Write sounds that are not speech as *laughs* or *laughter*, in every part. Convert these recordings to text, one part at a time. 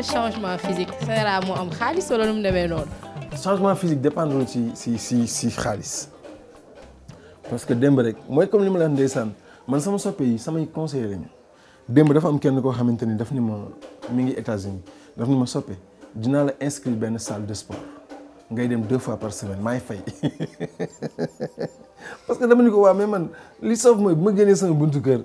te changement physique c'est moo am xaalis wala num mu demee changement physique dépendre de si si si xaalis parce que démb rek moy comme li ma la wax man sama soppé yi samay conseillers lañu démb dafa am kenn ko xamante daf ni ma mi ngi États-Unis daf ni ma soppé dina la inscrire ben salle de sport ngay dem deux fois par semaine may fay *laughs* parce que dama ni ko wa mais man li sauf mooy ma gëné sama buntu kër.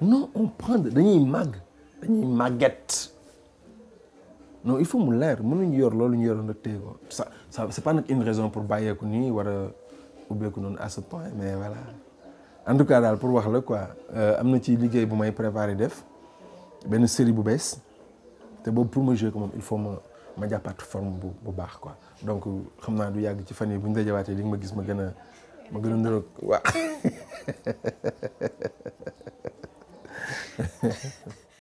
non on prend dañuy mag, dañuy maguette non il faut mu leer ça c'est pas une raison pour ne pas ou à ce point mais voilà en tout cas pour voir le quoi euh, am na ci liggéey bu may préparé def une série bu pour jouer il faut ma forme bu bu quoi donc je du ci je suis li nga *laughs*